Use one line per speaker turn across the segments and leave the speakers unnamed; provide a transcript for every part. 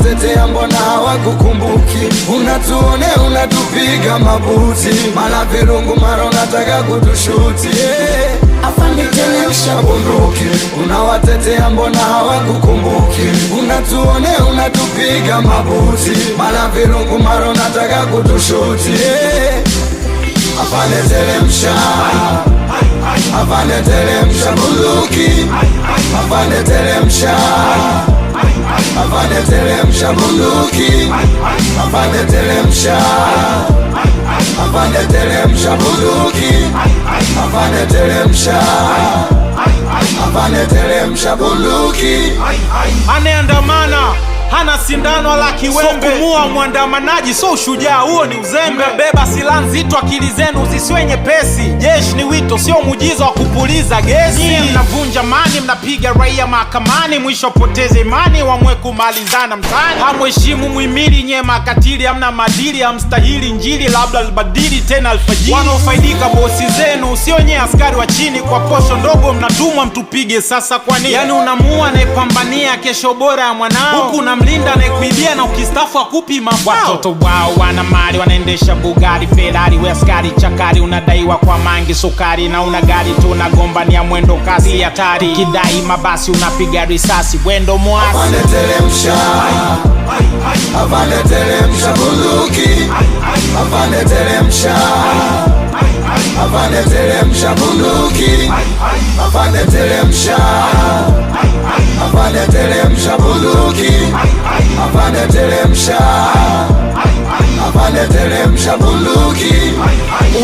watetea mbona hawakukumbuki? Unatuone, unatupiga mabuti, mara virungu, mara unataka kutushuti yeah. Afande tena ushabunduki, unawatetea mbona hawakukumbuki? Unatuone, unatupiga mabuti, mara virungu, mara unataka kutushuti Afande teremsha Afande teremsha bunduki Afande teremsha Teremsha bunduki, afande teremsha, afande teremsha bunduki, afande teremsha, afande teremsha bunduki, aneandamana hana sindano la kiwembe.
So kumua mwandamanaji so ushujaa, huo ni uzembe. Beba silaha nzito, akili zenu zisiwe nyepesi. Jeshi ni wito, sio mujiza wa kupuliza gesi. mnavunja mani, mnapiga raia mahakamani, mwisho poteze imani, wamwe kumalizana mtaani. Hamheshimu muhimili, nye makatili, hamna maadili, hamstahili njiri labda libadili tena alfajiri. Wanaofaidika bosi zenu, sio nye askari wa chini. Kwa posho ndogo mnatumwa mtupige sasa. Kwani yani unamuua anayepambania kesho bora ya mwanao huku na kumlinda na kuibia na ukistafu akupi mafao. Watoto wao wana mali, wanaendesha Bugari, ferari we askari chakari, unadaiwa kwa mangi sukari na una gari tu na gombania mwendo kasi hatari, kidai mabasi unapiga risasi, wendo mwasi avaneteremsha avaneteremsha bunduki avaneteremsha avaneteremsha bunduki avaneteremsha avaneteremsha bunduki panda teremsha aneteremsha bunduki.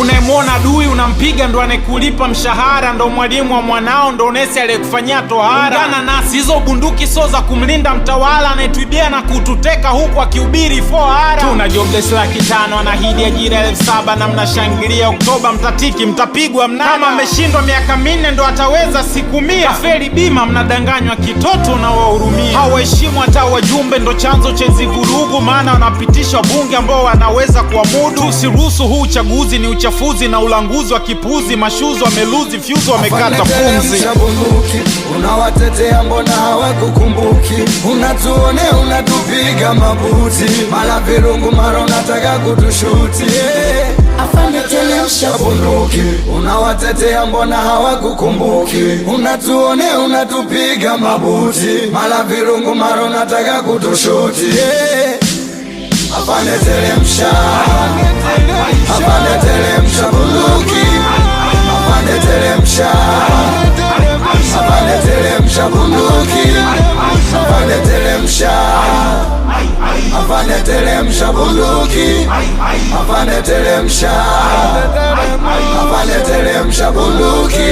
Unamwona dui unampiga, ndo anekulipa mshahara, ndo mwalimu wa mwanao, ndo nesi aliyekufanyia tohara. Ungana nasi, hizo bunduki sio za kumlinda mtawala anayetuibia na kututeka huku akihubiri fohara. Tuna jobless laki tano, anahidi ajira elfu saba na mnashangilia Oktoba, mtatiki mtapigwa mnada. Kama ameshindwa miaka minne, ndo ataweza siku mia. Kafeli bima, mnadanganywa kitoto na wahurumia. Hawaheshimu hata wajumbe, ndo chanzo chezi vurugu, maana wanapitisha bunge ambao wanaweza kuamudu. Tusiruhusu huu uchaguzi, ni uchafuzi na ulanguzi wa kipuzi. Mashuzi wameluzi fyuzi, wamekata pumzi. Unawatetea, mbona hawakukumbuki? Unatuone, unatupiga mabuti, mara virungu, mara unataka kutushuti eh. bunduki unawatetea, mbona hawakukumbuki? Unatuone, unatupiga mabuti, mara virungu, mara unataka kutushuti. Eh apaneteremsha apaneteremsha bunduki apaneteremsha apaneteremsha bunduki apaneteremsha apaneteremsha bunduki apaneteremsha apaneteremsha bunduki